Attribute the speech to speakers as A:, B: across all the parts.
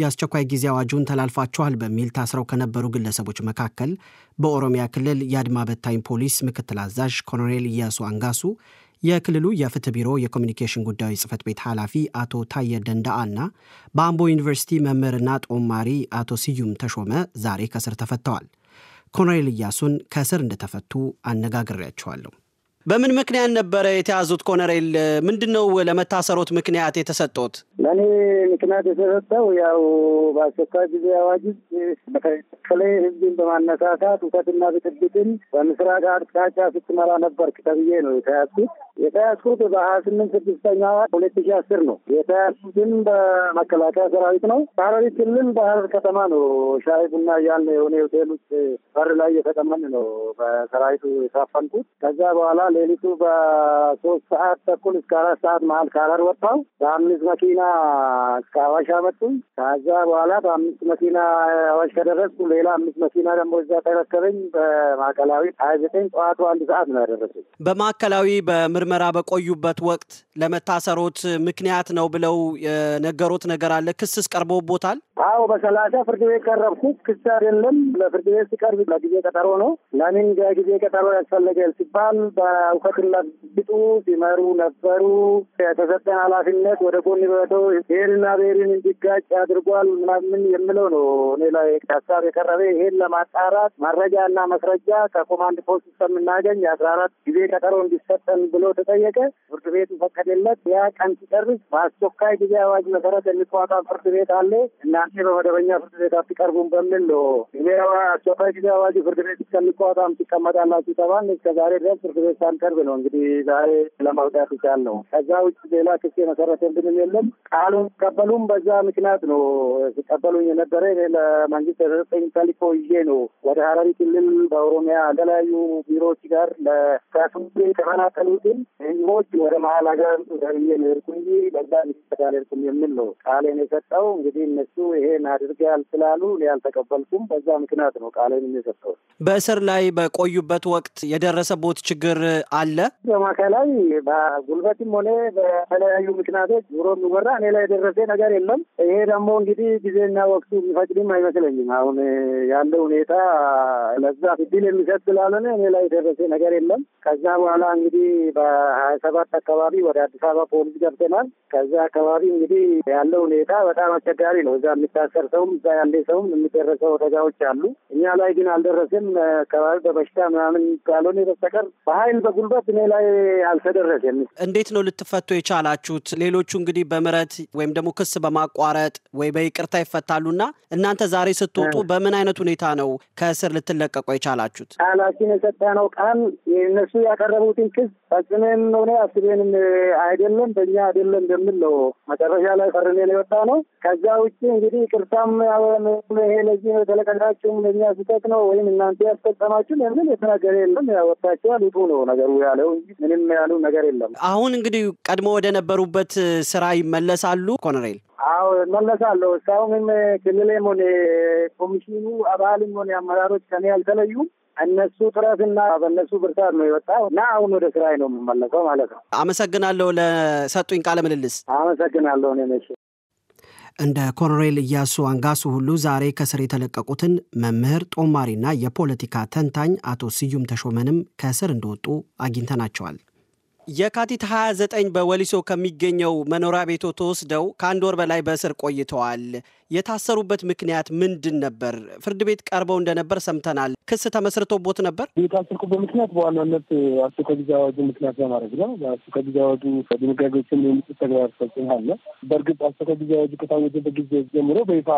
A: የአስቸኳይ ጊዜ አዋጁን ተላልፋችኋል በሚል ታስረው ከነበሩ ግለሰቦች መካከል በኦሮሚያ ክልል የአድማ በታኝ ፖሊስ ምክትል አዛዥ ኮሎኔል እያሱ አንጋሱ፣ የክልሉ የፍትህ ቢሮ የኮሚኒኬሽን ጉዳዮች ጽህፈት ቤት ኃላፊ አቶ ታየ ደንዳአ እና በአምቦ ዩኒቨርሲቲ መምህርና ጦማሪ አቶ ስዩም ተሾመ ዛሬ ከስር ተፈተዋል። ኮሎኔል እያሱን ከስር እንደተፈቱ አነጋግሬያቸዋለሁ። በምን ምክንያት ነበረ የተያዙት? ኮነሬል ምንድን ነው ለመታሰሮት ምክንያት የተሰጡት?
B: ለእኔ ምክንያት የተሰጠው ያው በአስቸኳይ ጊዜ አዋጅ በተለይ ህዝብን በማነሳሳት ውከትና ብጥብጥን በምስራቅ አቅጣጫ ስትመራ ነበርክ ተብዬ ነው የተያዝኩት። የተያዝኩት በሀያ ስምንት ስድስተኛ ሁለት ሺ አስር ነው የተያዝኩትም በመከላከያ ሰራዊት ነው። ሐረሪ ክልል ባህር ከተማ ነው። ሻይ ቡና እያልን የሆነ ሆቴል ውስጥ በር ላይ እየተቀመን ነው በሰራዊቱ የታፈንኩት። ከዛ በኋላ ሌሊቱ በሶስት ሰዓት ተኩል እስከ አራት ሰዓት መሀል ካለር ወጣው በአምስት መኪና እስከ አዋሽ አመጡኝ። ከዛ በኋላ በአምስት መኪና አዋሽ ከደረስኩ ሌላ አምስት መኪና ደግሞ እዛ ተረከበኝ። በማዕከላዊ ሀያ ዘጠኝ ጠዋቱ አንድ ሰዓት ነው ያደረሱኝ።
A: በማዕከላዊ በምርመራ በቆዩበት ወቅት ለመታሰሮት ምክንያት ነው ብለው የነገሩት ነገር አለ? ክስስ ቀርቦቦታል?
B: አዎ በሰላሳ ፍርድ ቤት ቀረብኩ። ክስ አይደለም ለፍርድ ቤት ሲቀርብ ለጊዜ ቀጠሮ ነው። ለምን ጊዜ ቀጠሮ ያስፈለገ ሲባል እውቀትን ለግጡ ሲመሩ ነበሩ። የተሰጠን ኃላፊነት ወደ ጎን በተው ብሔርና ብሔርን እንዲጋጭ አድርጓል ምናምን የምለው ነው እኔ ላይ ሀሳብ የቀረበ ይሄን ለማጣራት መረጃ እና መስረጃ ከኮማንድ ፖስት እስከምናገኝ የአስራ አራት ጊዜ ቀጠሮ እንዲሰጠን ብሎ ተጠየቀ። ፍርድ ቤት ፈቀደለት። ያ ቀን ሲጨርስ በአስቸኳይ ጊዜ አዋጅ መሰረት የሚቋቋ ፍርድ ቤት አለ እናንተ በመደበኛ ፍርድ ቤት አትቀርቡም በሚል ነው አስቸኳይ ጊዜ አዋጅ ፍርድ ቤት እስከሚቋቋም ትቀመጣላችሁ ተባል። እስከዛሬ ድረስ ፍርድ ቤት በጣም ቅርብ ነው። እንግዲህ ዛሬ ለማውጣት ይቻል ነው። ከዛ ውጭ ሌላ ክስ የመሰረተብንም የለም። ቃሉን ቀበሉም በዛ ምክንያት ነው ሲቀበሉኝ የነበረ። እኔ ለመንግስት ተሰጠኝ ተልዕኮ ይዤ ነው ወደ ሀረሪ ክልል በኦሮሚያ የተለያዩ ቢሮዎች ጋር ለካሱ የተፈናቀሉትን ህዝቦች ወደ መሀል ሀገር ደብዬ ሄድኩ እንጂ በዛ አልሄድኩም የሚል ነው ቃሌን የሰጠው። እንግዲህ እነሱ ይሄን አድርገ ያልስላሉ እኔ አልተቀበልኩም። በዛ ምክንያት ነው ቃሌን የሰጠው።
A: በእስር ላይ በቆዩበት ወቅት የደረሰቦት ችግር አለ።
B: ላይ በጉልበትም ሆነ በተለያዩ ምክንያቶች ዙሮ የሚወራ እኔ ላይ የደረሰ ነገር የለም። ይሄ ደግሞ እንግዲህ ጊዜና ወቅቱ የሚፈቅድም አይመስለኝም። አሁን ያለ ሁኔታ ለዛ ፍድል የሚሰጥ ስላልሆነ እኔ ላይ የደረሰ ነገር የለም። ከዛ በኋላ እንግዲህ በሀያ ሰባት አካባቢ ወደ አዲስ አበባ ፖሊስ ገብተናል። ከዛ አካባቢ እንግዲህ ያለ ሁኔታ በጣም አስቸጋሪ ነው። እዛ የሚታሰር ሰውም እዛ ያለ ሰውም የሚደረሰው ተጋዎች አሉ። እኛ ላይ ግን አልደረስም። አካባቢ በበሽታ ምናምን ካልሆነ በስተቀር በሀይል በጉልበት እኔ ላይ አልተደረገም።
A: እንዴት ነው ልትፈቱ የቻላችሁት? ሌሎቹ እንግዲህ በምረት ወይም ደግሞ ክስ በማቋረጥ ወይ በይቅርታ ይፈታሉና እናንተ ዛሬ ስትወጡ በምን አይነት ሁኔታ ነው ከእስር ልትለቀቁ የቻላችሁት?
B: ቃላችን የሰጠነው ቃል እነሱ ያቀረቡትን ክስ ፈጽሜም ሆነ አስቤንም አይደለም በእኛ አይደለም በሚል ነው መጨረሻ ላይ ፈርሜ ነው የወጣ ነው። ከዛ ውጭ እንግዲህ ቅርታም ይሄ ለዚህ ነው የተለቀቃችሁም ለእኛ ስህተት ነው ወይም እናንተ ያስፈጸማችሁ የሚል የተናገረ የለም። ያወጣቸዋል ይቱ ነው ነገር ነገሩ ያለው ምንም ያሉ ነገር የለም።
A: አሁን እንግዲህ ቀድሞ ወደ ነበሩበት ስራ ይመለሳሉ ኮሎኔል?
B: አዎ እመለሳለሁ። እስካሁንም ክልሌም ሆነ ኮሚሽኑ አባልም ሆነ አመራሮች ከኔ አልተለዩም። እነሱ ጥረትና በእነሱ ብርታት ነው የወጣው እና አሁን ወደ ስራዬ ነው የምመለሰው ማለት ነው።
A: አመሰግናለሁ ለሰጡኝ ቃለ ምልልስ። አመሰግናለሁ እኔ እንደ ኮሎኔል እያሱ አንጋሱ ሁሉ ዛሬ ከስር የተለቀቁትን መምህር ጦማሪና የፖለቲካ ተንታኝ አቶ ስዩም ተሾመንም ከስር እንደወጡ አግኝተናቸዋል። የካቲት 29 በወሊሶ ከሚገኘው መኖሪያ ቤቶ ተወስደው ከአንድ ወር በላይ በእስር ቆይተዋል። የታሰሩበት ምክንያት ምንድን ነበር? ፍርድ ቤት ቀርበው እንደነበር ሰምተናል። ክስ ተመስርቶቦት
C: ነበር። የታሰርኩበት ምክንያት በዋናነት አስቸኳይ ጊዜ አዋጁ ምክንያት በማድረግ ነው። በአስቸኳይ ጊዜ አዋጁ ድንጋጌዎችን የሚጥስ ተግባር ፈጽመሃል። በእርግጥ አስቸኳይ ጊዜ አዋጁ ከታወጀበት ጊዜ ጀምሮ በይፋ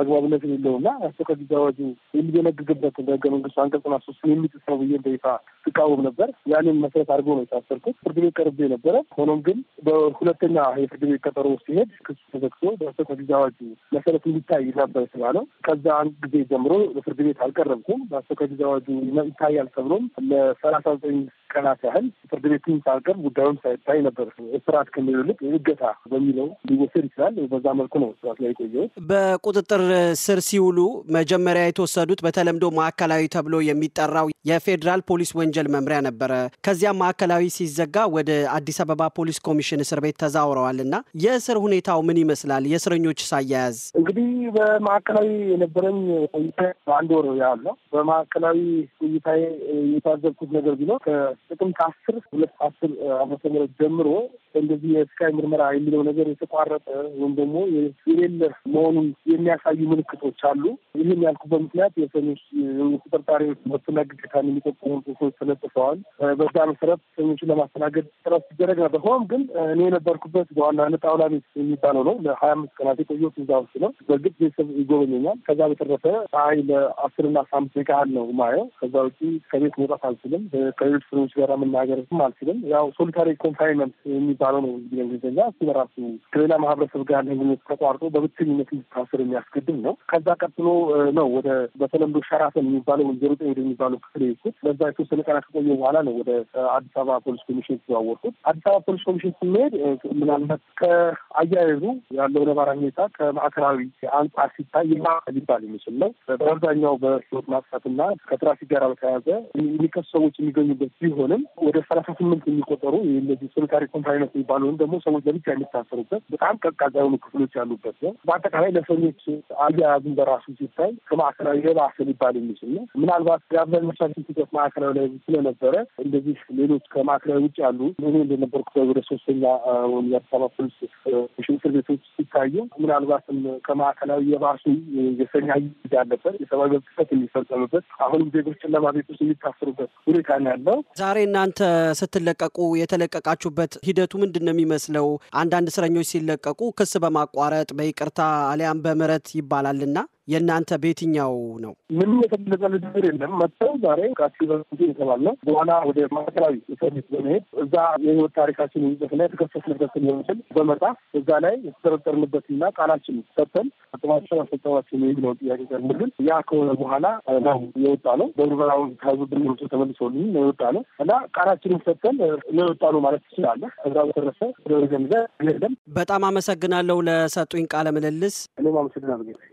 C: አግባብነት የሌለው የሌለውና አስቸኳይ ጊዜ አዋጁ የሚደነግግበት በህገ መንግስቱ አንቀጽ ሶስት የሚጥስ ነው ብዬ በይፋ ስቃወም ነበር። ያንን መሰረት አድርጎ ነው የታሰርኩት። ፍርድ ቤት ቀርቤ ነበረ። ሆኖም ግን በሁለተኛ የፍርድ ቤት ቀጠሮ ሲሄድ ክስ ተዘግቶ በአስቸኳይ ጊዜ አዋጁ መሰረት እንዲታይ ነበር የተባለው። ከዛ አንድ ጊዜ ጀምሮ በፍርድ ቤት አልቀረብኩም። በአስቸኳይ ጊዜ አዋጁ ይታያል ተብሎም ለሰላሳ ዘጠኝ ቀናት ያህል ፍርድ ቤትን ሳልቀር ጉዳዩን ሳይታይ ነበር እስራት ከሚለው ይልቅ እገታ በሚለው ሊወሰድ ይችላል። በዛ መልኩ ነው እስራት ላይ የቆየሁት።
A: በቁጥጥር ስር ሲውሉ መጀመሪያ የተወሰዱት በተለምዶ ማዕከላዊ ተብሎ የሚጠራው የፌዴራል ፖሊስ ወንጀል መምሪያ ነበረ። ከዚያም ማዕከላዊ ሲዘጋ ወደ አዲስ አበባ ፖሊስ ኮሚሽን እስር ቤት ተዛውረዋል እና የእስር ሁኔታው ምን ይመስላል? የእስረኞች ሳያያዝ
C: እንግዲህ እንግዲህ በማዕከላዊ የነበረኝ ቆይታ አንድ ወር ያህል ነው። በማዕከላዊ ቆይታዬ የታዘብኩት ነገር ቢኖር ከጥቅምት አስር ሁለት አስር አመተ ምህረት ጀምሮ እንደዚህ የስካይ ምርመራ የሚለው ነገር የተቋረጠ ወይም ደግሞ የሌለ መሆኑን የሚያሳዩ ምልክቶች አሉ። ይህን ያልኩበት ምክንያት የሰኞች ተጠርጣሪዎች መብትና ግዴታን የሚጠቁሙ ጽሑፎች ተለጥፈዋል። በዛ መሰረት ሰኞችን ለማስተናገድ ጥረት ሲደረግ ነበር። ሆኖም ግን እኔ የነበርኩበት በዋናነት ጣውላ ቤት የሚባለው ነው። ለሀያ አምስት ቀናት የቆየሁት እዛ ውስጥ ነው። በእርግጥ ቤተሰብ ይጎበኘኛል። ከዛ በተረፈ ፀሐይ ለአስርና አስራ አምስት ደቂቃ ያህል ነው ማየው። ከዛ ውጭ ከቤት መውጣት አልችልም። ከሌሎች ሰዎች ጋር መናገርም አልችልም። ያው ሶሊታሪ ኮንፋይንመንት የሚባለው ነው እንግሊዝኛ። እሱ በራሱ ከሌላ ማህበረሰብ ጋር ግንኙነት ተቋርጦ በብቸኝነት እንድታስር የሚያስገድም ነው። ከዛ ቀጥሎ ነው ወደ በተለምዶ ሸራተን የሚባለው ወይም ጠሄድ የሚባለው ክፍል ይኩት በዛ የተወሰነ ቀና ከቆየ በኋላ ነው ወደ አዲስ አበባ ፖሊስ ኮሚሽን የተዘዋወርኩት። አዲስ አበባ ፖሊስ ኮሚሽን ስንሄድ ምናልባት ከአያያዙ ያለው ነባራ ሁኔታ ከማዕከላዊ አን አንጻር ሲታይ ይማል ሊባል የሚችል ነው። በአብዛኛው በህይወት ማጥፋትና ከትራፊክ ጋር በተያያዘ የሚከሱ ሰዎች የሚገኙበት ቢሆንም ወደ ሰላሳ ስምንት የሚቆጠሩ እነዚህ ሶሊታሪ ኮንፋይነት የሚባሉ ወይም ደግሞ ሰዎች ለብቻ የሚታሰሩበት በጣም ቀዝቃዛ የሆኑ ክፍሎች ያሉበት ነው። በአጠቃላይ ለሰኞች አያያዝን በራሱ ሲታይ ከማዕከላዊ የባሰ ሊባል የሚችል ነው። ምናልባት የአብዛኞቻችን ትኩረት ማዕከላዊ ላይ ስለነበረ እንደዚህ ሌሎች ከማዕከላዊ ውጭ ያሉ እኔ እንደነበርኩ ወደ ሶስተኛ የአዲስ አበባ ፖሊስ እስር ቤቶች ሲታዩ ምናልባትም ከማዕከላዊ ባህላዊ የባሱ የሰኛ ያለበት የሰብአዊ መብት ጥሰት የሚፈጸምበት አሁንም ዜጎችን ለማቤት ውስጥ የሚታስሩበት ሁኔታ ነው ያለው።
A: ዛሬ እናንተ ስትለቀቁ የተለቀቃችሁበት ሂደቱ ምንድን ነው የሚመስለው? አንዳንድ እስረኞች ሲለቀቁ ክስ በማቋረጥ በይቅርታ አሊያም በምህረት ይባላልና የእናንተ በየትኛው ነው?
C: ምንም የተገለጸ ንግግር የለም። መጥተው ዛሬ ቃችሁ በሱ የተባለው በኋላ ወደ ማዕከላዊ እስር ቤት በመሄድ እዛ የህይወት ታሪካችን ይዘትና የተከሰስንበት የሚመስል በመጽሐፍ እዛ ላይ የተጠረጠርንበትና ቃላችን ሰጥተን አጥማቸውን አስፈጸማችን የሚለው ጥያቄ ቀርብልን። ያ ከሆነ በኋላ ነው የወጣ ነው። በምርመራው ከህዝብ ብንሮቶ ተመልሶልኝ ነው የወጣ ነው እና ቃላችንን ሰጥተን ነው የወጣ ነው ማለት ትችላለህ። እዛ በተረፈ ደረገ ሚዘ የለም።
A: በጣም አመሰግናለሁ ለሰጡኝ ቃለ ምልልስ። እኔም አመሰግናለሁ።